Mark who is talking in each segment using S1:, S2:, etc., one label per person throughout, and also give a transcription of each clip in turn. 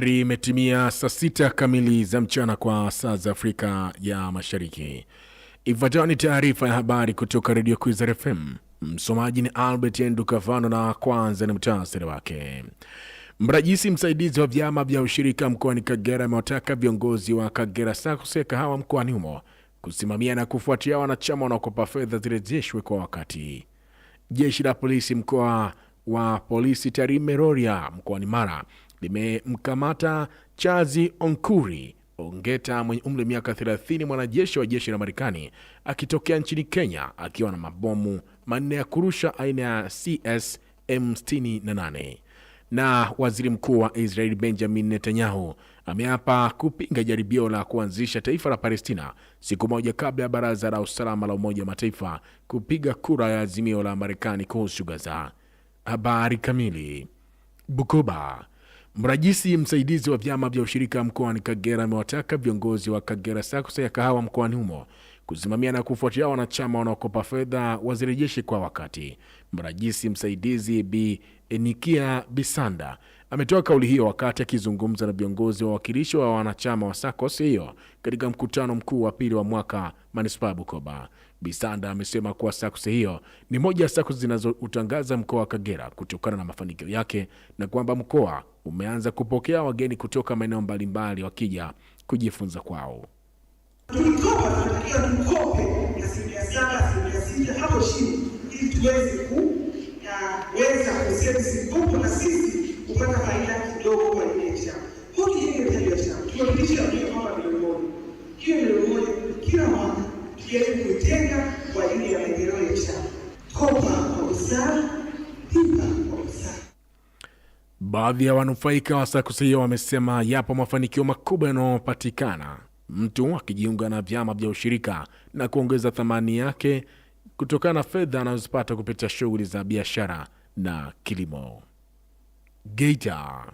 S1: Tayari imetimia saa sita kamili za mchana kwa saa za Afrika ya Mashariki. Ifuatayo ni taarifa ya habari kutoka Redio Kwizera FM. Msomaji ni Albert Ndukavano na kwanza ni mtaasiri wake. Mrajisi msaidizi wa vyama vya ushirika mkoani Kagera amewataka viongozi wa Kagera SACCOS ya kahawa mkoani humo kusimamia na kufuatia wanachama wanaokopa fedha zirejeshwe kwa wakati. Jeshi la polisi mkoa wa polisi Tarime Rorya mkoani Mara limemkamata Chazi Onkuri Ongeta mwenye umri wa miaka 30, mwanajeshi wa jeshi la Marekani akitokea nchini Kenya akiwa na mabomu manne ya kurusha aina ya CS M68. Na waziri mkuu wa Israeli Benjamin Netanyahu ameapa kupinga jaribio la kuanzisha taifa la Palestina siku moja kabla ya baraza la usalama la Umoja wa Mataifa kupiga kura ya azimio la Marekani kuhusu Gaza. Habari kamili Bukoba Mrajisi msaidizi wa vyama vya ushirika mkoani Kagera amewataka viongozi wa Kagera SACCOS ya kahawa mkoani humo kusimamia na kufuatilia wanachama wanaokopa fedha wazirejeshe kwa wakati. Mrajisi msaidizi Bi Enikia Bisanda ametoa kauli hiyo wakati akizungumza na viongozi wa wakilishi wa wanachama wa SACCOS hiyo katika mkutano mkuu wa pili wa mwaka manispaa ya Bukoba. Bisanda amesema kuwa SACCOS hiyo ni moja ya SACCOS zinazoutangaza mkoa wa Kagera kutokana na mafanikio yake na kwamba mkoa umeanza kupokea wageni kutoka maeneo mbalimbali wakija kujifunza kwao. tukope asilimia saba asilimia sita hapo chini, ili tuweze kuweza na sisi kupata faida kidogo kwa ile ile milioni moja, hiyo milioni moja kila mwaka tujaribu kuitenga kwa ajili ya maendeleo ya Kopa kwa kwa Baadhi ya wanufaika wa SACCOS wamesema yapo mafanikio makubwa yanayopatikana mtu akijiunga na vyama vya ushirika na kuongeza thamani yake kutokana na fedha anazopata kupitia shughuli za biashara na kilimo. Geita.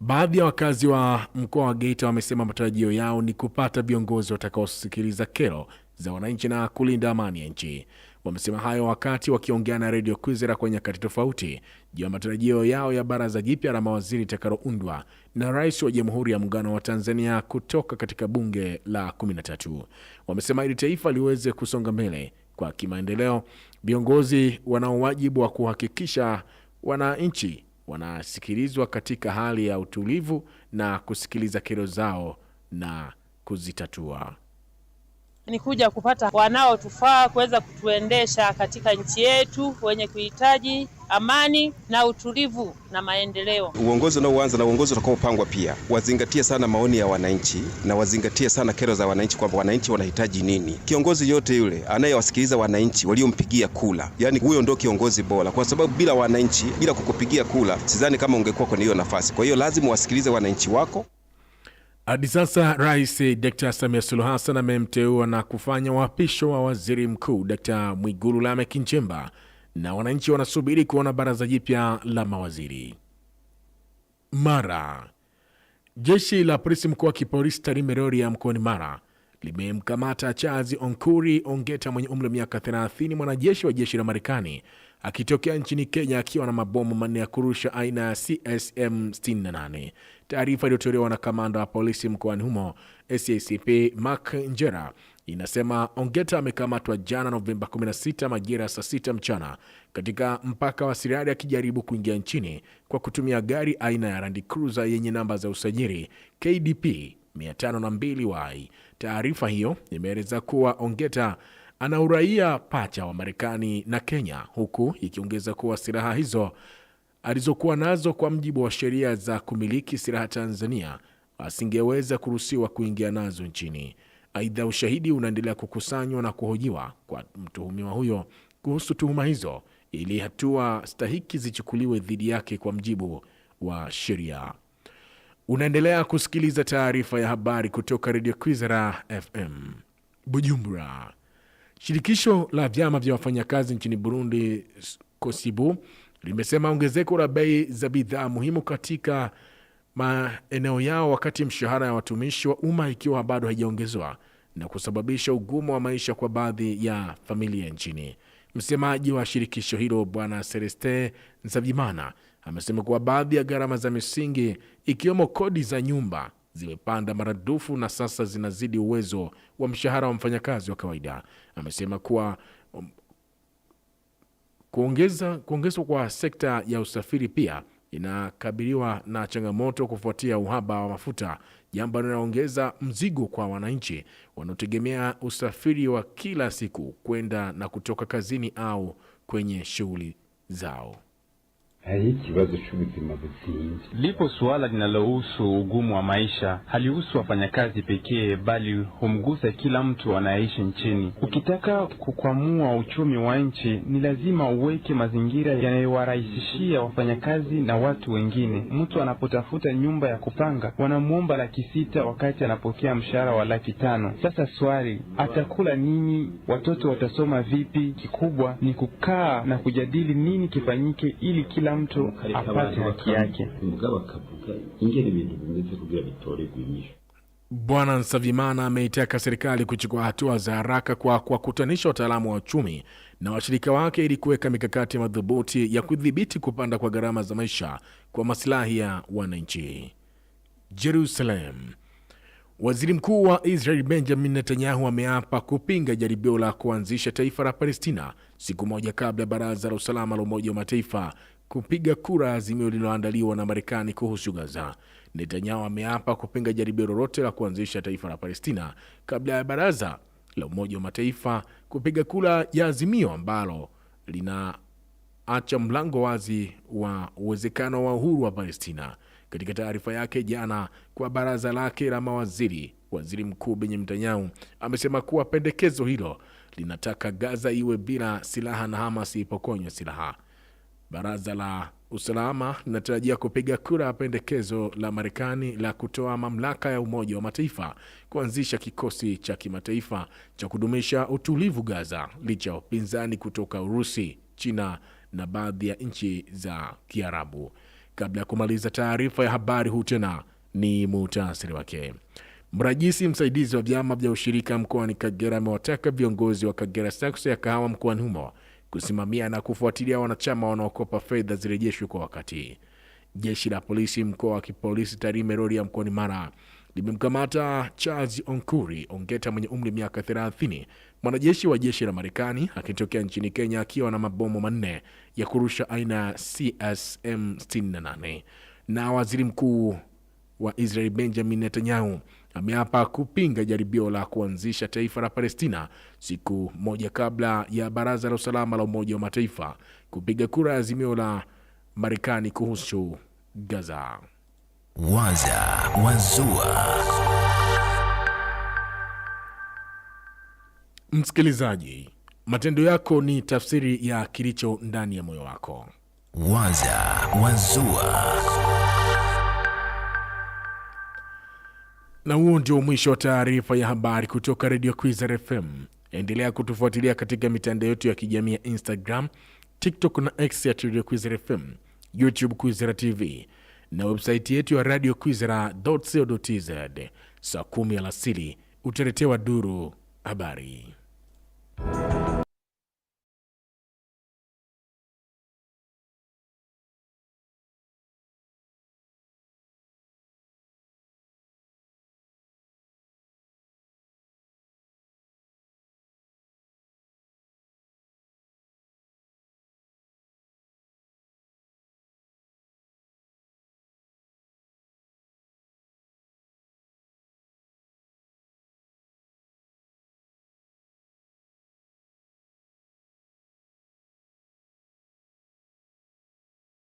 S1: Baadhi ya wakazi wa mkoa wa Geita wamesema matarajio yao ni kupata viongozi watakaosikiliza kero za wananchi na kulinda amani ya nchi. Wamesema hayo wakati wakiongea na redio Kwizera kwa nyakati tofauti juu ya matarajio yao ya baraza jipya la mawaziri itakaroundwa na rais wa Jamhuri ya Muungano wa Tanzania kutoka katika bunge la 13. Wamesema ili taifa liweze kusonga mbele kwa kimaendeleo, viongozi wanao wajibu wa kuhakikisha wananchi wanasikilizwa katika hali ya utulivu na kusikiliza kero zao na kuzitatua ni kuja kupata wanaotufaa kuweza kutuendesha katika nchi yetu, wenye kuhitaji amani na utulivu na maendeleo.
S2: Uongozi unaoanza na uongozi utakaopangwa pia wazingatie sana maoni ya wananchi na wazingatie sana kero za wananchi, kwamba wananchi wanahitaji nini. Kiongozi yote yule anayewasikiliza wananchi waliompigia kula, yani huyo ndio kiongozi bora, kwa sababu bila wananchi, bila kukupigia kula, sidhani kama ungekuwa kwenye hiyo nafasi. Kwa hiyo lazima wasikilize wananchi
S3: wako. Hadi sasa Rais Dkt. Samia Suluhu Hassan amemteua na kufanya uapisho wa Waziri Mkuu Dkt. Mwigulu Lameck Nchemba na wananchi wanasubiri kuona baraza jipya la mawaziri.
S4: Mara jeshi la polisi mkoa wa Kipolisi Tarime Rorya mkoani Mara limemkamata Charles Onkuri Ongeta mwenye umri wa miaka 30, mwanajeshi wa jeshi la Marekani akitokea nchini Kenya akiwa na mabomu manne ya kurusha aina ya CSM 68. Taarifa iliyotolewa na kamanda wa polisi mkoani humo SACP Mark Njera inasema Ongeta amekamatwa jana Novemba 16 majira ya saa 6 mchana katika mpaka wa Sirari akijaribu kuingia nchini kwa kutumia gari aina ya Land Cruiser yenye namba za usajili KDP 502 Taarifa hiyo imeeleza kuwa Ongeta ana uraia pacha wa Marekani na Kenya, huku ikiongeza kuwa silaha hizo alizokuwa nazo kwa mjibu wa sheria za kumiliki silaha Tanzania asingeweza kuruhusiwa kuingia nazo nchini. Aidha, ushahidi unaendelea kukusanywa na kuhojiwa kwa mtuhumiwa huyo kuhusu tuhuma hizo ili hatua stahiki zichukuliwe dhidi yake kwa mjibu wa sheria. Unaendelea kusikiliza taarifa ya habari kutoka redio Kwizera FM Bujumbura. Shirikisho la vyama vya wafanyakazi nchini Burundi, Kosibu, limesema ongezeko la bei za bidhaa muhimu katika maeneo yao, wakati mshahara ya watumishi wa umma ikiwa bado haijaongezwa na kusababisha ugumu wa maisha kwa baadhi ya familia nchini. Msemaji wa shirikisho hilo Bwana Celestin Nsavimana amesema kuwa baadhi ya gharama za misingi ikiwemo kodi za nyumba zimepanda maradufu na sasa zinazidi uwezo wa mshahara wa mfanyakazi wa kawaida. Amesema kuwa um, kuongeza kuongezwa kwa sekta ya usafiri pia inakabiliwa na changamoto kufuatia uhaba wa mafuta, jambo linaloongeza mzigo kwa wananchi wanaotegemea usafiri wa kila siku kwenda na kutoka kazini au kwenye shughuli zao
S5: lipo suala linalohusu ugumu wa maisha, halihusu wafanyakazi pekee, bali humgusa kila mtu anayeishi nchini. Ukitaka kukwamua uchumi wa nchi, ni lazima uweke mazingira yanayowarahisishia wafanyakazi na watu wengine. Mtu anapotafuta nyumba ya kupanga, wanamwomba laki sita wakati anapokea mshahara wa laki tano. Sasa swali, atakula nini? Watoto watasoma vipi? Kikubwa ni kukaa na kujadili nini kifanyike ili kila mtu apate haki yake.
S6: Bwana Nsavimana ameitaka serikali kuchukua hatua za haraka kwa kuwakutanisha wataalamu wa uchumi na washirika wake ili kuweka mikakati madhubuti ya kudhibiti kupanda kwa gharama za maisha kwa masilahi ya wananchi.
S7: Jerusalem. Waziri Mkuu wa Israel Benjamin Netanyahu ameapa kupinga jaribio la kuanzisha taifa la Palestina siku moja kabla ya Baraza la Usalama la Umoja wa Mataifa kupiga kura azimio lililoandaliwa na Marekani kuhusu Gaza. Netanyahu ameapa kupinga jaribio lolote la kuanzisha taifa la Palestina kabla ya baraza la Umoja wa Mataifa kupiga kura ya azimio ambalo linaacha mlango wazi wa uwezekano wa uhuru wa Palestina. Katika taarifa yake jana kwa baraza lake la mawaziri, waziri mkuu Benyamin Netanyahu amesema kuwa pendekezo hilo linataka Gaza iwe bila silaha na Hamas ipokonywe silaha. Baraza la usalama linatarajia kupiga kura ya pendekezo la Marekani la kutoa mamlaka ya Umoja wa Mataifa kuanzisha kikosi cha kimataifa cha kudumisha utulivu Gaza, licha ya upinzani kutoka Urusi, China na baadhi ya nchi za Kiarabu. Kabla ya kumaliza taarifa ya habari, huu tena ni muhtasari wake. Mrajisi msaidizi wa vyama vya ushirika mkoani Kagera amewataka viongozi wa Kagera Sakso ya kahawa mkoani humo kusimamia na kufuatilia wanachama wanaokopa fedha zirejeshwe kwa wakati. Jeshi la polisi mkoa wa kipolisi Tarime Rorya mkoani Mara limemkamata Charles Onkuri Ongeta mwenye umri miaka 30, mwanajeshi wa jeshi la Marekani akitokea nchini Kenya akiwa na mabomu manne ya kurusha aina ya CSM 68. Na waziri mkuu wa Israel Benjamin Netanyahu ameapa kupinga jaribio la kuanzisha taifa la Palestina siku moja kabla ya Baraza la Usalama la Umoja wa Mataifa kupiga kura ya azimio la Marekani kuhusu Gaza.
S8: Waza Wazua. Msikilizaji, matendo yako ni tafsiri ya kilicho ndani ya moyo wako. Waza Wazua. Na huo ndio mwisho wa taarifa ya habari kutoka redio Kwizera FM. Endelea kutufuatilia katika mitandao yetu ya kijamii ya Instagram, TikTok na X ya Radio Kwizera FM, YouTube Kwizera TV na websaiti yetu ya Radio Kwizera co.tz. Saa kumi alasiri utaletewa duru habari.